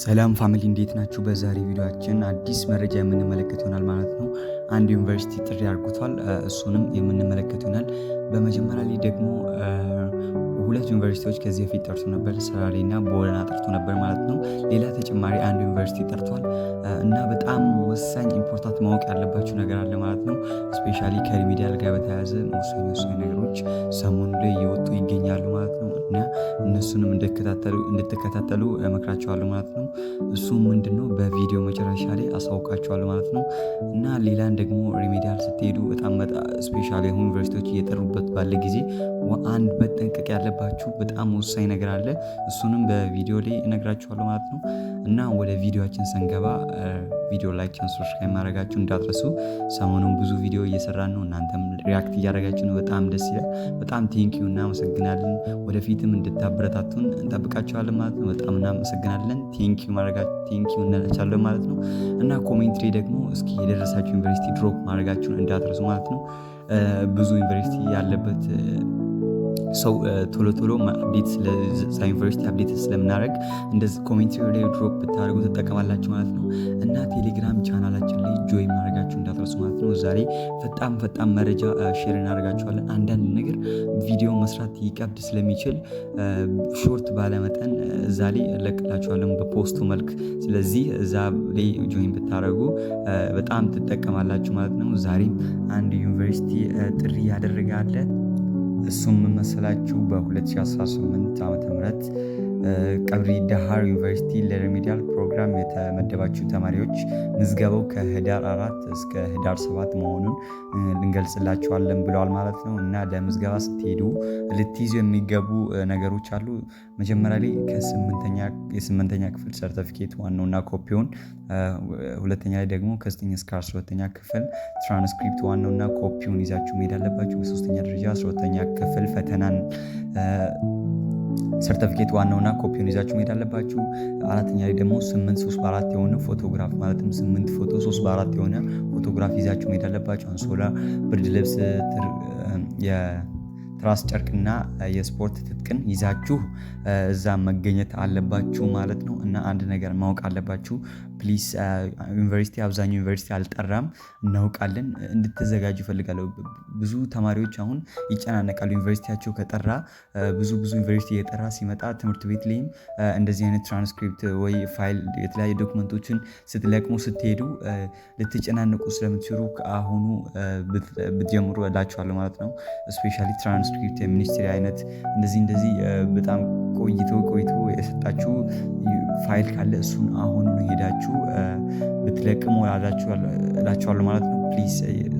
ሰላም ፋሚሊ እንዴት ናችሁ? በዛሬ ቪዲዮችን አዲስ መረጃ የምንመለከት ይሆናል ማለት ነው። አንድ ዩኒቨርሲቲ ጥሪ አድርጎቷል። እሱንም የምንመለከት ይሆናል። በመጀመሪያ ላይ ደግሞ ሁለት ዩኒቨርሲቲዎች ከዚህ በፊት ጠርቶ ነበር፣ ሰራሌ ሰራሌና ቦረና ጠርቶ ነበር ማለት ነው። ሌላ ተጨማሪ አንድ ዩኒቨርሲቲ ጠርቷል እና በጣም ወሳኝ ኢምፖርታንት ማወቅ ያለባቸው ነገር አለ ማለት ነው። ስፔሻሊ ከሪሚዲያል ጋር በተያያዘ ወሳኝ ወሳኝ ነገሮች ሰሞኑ ላይ እየወጡ ይገኛሉ ማለት ነው። እሱንም እንድትከታተሉ እመክራቸዋለሁ ማለት ነው። እሱ ምንድነው በቪዲዮ መጨረሻ ላይ አሳውቃቸዋለሁ ማለት ነው። እና ሌላን ደግሞ ሪሜዲያል ስትሄዱ በጣም ስፔሻል የሆኑ ዩኒቨርሲቲዎች እየጠሩበት ባለ ጊዜ አንድ መጠንቀቅ ያለባችሁ በጣም ወሳኝ ነገር አለ። እሱንም በቪዲዮ ላይ እነግራችኋለሁ ማለት ነው። እና ወደ ቪዲዮችን ስንገባ ቪዲዮ ላይክ ቻን ሰብስክራይብ ማድረጋችሁ እንዳትረሱ። ሰሞኑን ብዙ ቪዲዮ እየሰራ ነው። እናንተም ሪያክት እያደረጋችሁ ነው። በጣም ደስ ይላል። በጣም ቴንኪዩ እናመሰግናለን። ወደፊትም እንድታበረታቱን እንጠብቃችኋለን ማለት ነው። በጣም እናመሰግናለን። ቴንኪዩ ማድረጋችሁ ቴንኪዩ ማለት ነው። እና ላይ ደግሞ እስኪ የደረሳችሁ ዩኒቨርሲቲ ድሮፕ ማድረጋችሁን እንዳትረሱ ማለት ነው። ብዙ ዩኒቨርሲቲ ያለበት ሰው ቶሎ ቶሎ አፕዴት ስለዛ ዩኒቨርሲቲ አፕዴት ስለምናደረግ እንደዚህ ኮሜንት ላይ ድሮፕ ብታደርጉ ትጠቀማላችሁ ማለት ነው። እና ቴሌግራም ቻናላችን ላይ ጆይ ማድረጋችሁ እንዳትረሱ ማለት ነው። ዛሬ ፈጣን ፈጣን መረጃ ሼር እናደርጋችኋለን። አንዳንድ ነገር ቪዲዮ መስራት ይቀብድ ስለሚችል ሾርት ባለመጠን እዛ ላይ እለቅላችኋለን በፖስቱ መልክ። ስለዚህ እዛ ላይ ጆይን ብታደርጉ በጣም ትጠቀማላችሁ ማለት ነው። ዛሬም አንድ ዩኒቨርሲቲ ጥሪ ያደረጋለን እሱም መሰላችሁ በ2018 ዓ ም ቀብሪ ዳሃር ዩኒቨርሲቲ ለሪሚዲያል ፕሮግራም የተመደባችሁ ተማሪዎች ምዝገባው ከህዳር አራት እስከ ህዳር ሰባት መሆኑን እንገልጽላችኋለን ብለዋል ማለት ነው። እና ለምዝገባ ስትሄዱ ልትይዙ የሚገቡ ነገሮች አሉ። መጀመሪያ ላይ የስምንተኛ ክፍል ሰርተፊኬት ዋናውና ኮፒውን፣ ሁለተኛ ላይ ደግሞ ከዘጠኝ እስከ አስራ ሁለተኛ ክፍል ትራንስክሪፕት ዋናውና ኮፒውን ይዛችሁ መሄድ አለባችሁ። በሶስተኛ ደረጃ አስራ ሁለተኛ ክፍል ፈተናን ሰርተፊኬት ዋናውና ኮፒውን ይዛችሁ መሄድ አለባችሁ። አራተኛ ላይ ደግሞ ስምንት ሶስት በአራት የሆነ ፎቶግራፍ ማለትም ስምንት ፎቶ ሶስት በአራት የሆነ ፎቶግራፍ ይዛችሁ መሄድ አለባችሁ። አንሶላ፣ ብርድ ልብስ፣ የትራስ ጨርቅና የስፖርት ትጥቅን ይዛችሁ እዛ መገኘት አለባችሁ ማለት ነው። እና አንድ ነገር ማወቅ አለባችሁ ፕሊስ ዩኒቨርሲቲ አብዛኛው ዩኒቨርሲቲ አልጠራም እናውቃለን፣ እንድትዘጋጁ እፈልጋለሁ። ብዙ ተማሪዎች አሁን ይጨናነቃሉ። ዩኒቨርሲቲያቸው ከጠራ ብዙ ብዙ ዩኒቨርሲቲ የጠራ ሲመጣ ትምህርት ቤት ላይም እንደዚህ አይነት ትራንስክሪፕት ወይ ፋይል የተለያዩ ዶክመንቶችን ስትለቅሙ ስትሄዱ ልትጨናነቁ ስለምትችሉ ከአሁኑ ብትጀምሩ እላችኋለሁ ማለት ነው። ስፔሻሊ ትራንስክሪፕት የሚኒስትሪ አይነት እንደዚህ እንደዚህ በጣም ቆይቶ ቆይቶ የሰጣችሁ ፋይል ካለ እሱን አሁን ነው ሄዳችሁ ብትለቅሙ እላችኋለሁ ማለት ነው። ፕሊስ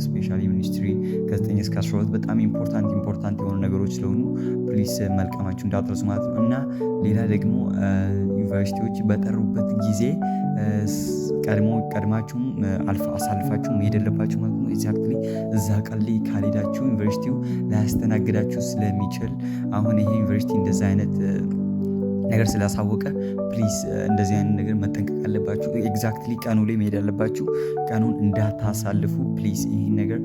ስፔሻሊ ሚኒስትሪ ከ9 እስከ 12 በጣም ኢምፖርታንት ኢምፖርታንት የሆኑ ነገሮች ስለሆኑ ፕሊስ መልቀማችሁ እንዳትረሱ ማለት ነው። እና ሌላ ደግሞ ዩኒቨርሲቲዎች በጠሩበት ጊዜ ቀድሞ ቀድማችሁም አሳልፋችሁ መሄድ የለባችሁ ማለት ነው። ኤግዛክትሊ እዛ ቀን ላይ ካልሄዳችሁ ዩኒቨርሲቲው ላያስተናግዳችሁ ስለሚችል አሁን ይሄ ዩኒቨርሲቲ እንደዛ አይነት ነገር ስላሳወቀ ፕሊስ እንደዚህ አይነት ነገር መጠንቀቅ አለባችሁ። ኤግዛክትሊ ቀኑ ላይ መሄድ አለባችሁ። ቀኑን እንዳታሳልፉ ፕሊስ፣ ይህን ነገር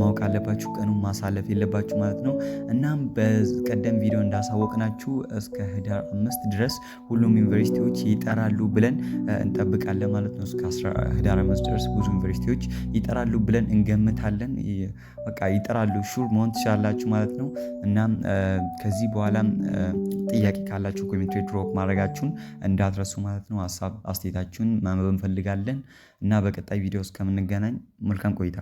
ማወቅ አለባችሁ። ቀኑን ማሳለፍ የለባችሁ ማለት ነው። እናም በቀደም ቪዲዮ እንዳሳወቅናችሁ እስከ ህዳር አምስት ድረስ ሁሉም ዩኒቨርሲቲዎች ይጠራሉ ብለን እንጠብቃለን ማለት ነው። እስከ ህዳር አምስት ድረስ ብዙ ዩኒቨርሲቲዎች ይጠራሉ ብለን እንገምታለን። በቃ ይጠራሉ፣ ሹር መሆን ትችላላችሁ ማለት ነው። እናም ከዚህ በኋላም ጥያቄ ካላችሁ ኮሚቴ ድሮፕ ማድረጋችሁን እንዳትረሱ ማለት ነው። ሀሳብ አስተያየታችሁን ማንበብ እንፈልጋለን እና በቀጣይ ቪዲዮ እስከምንገናኝ መልካም ቆይታ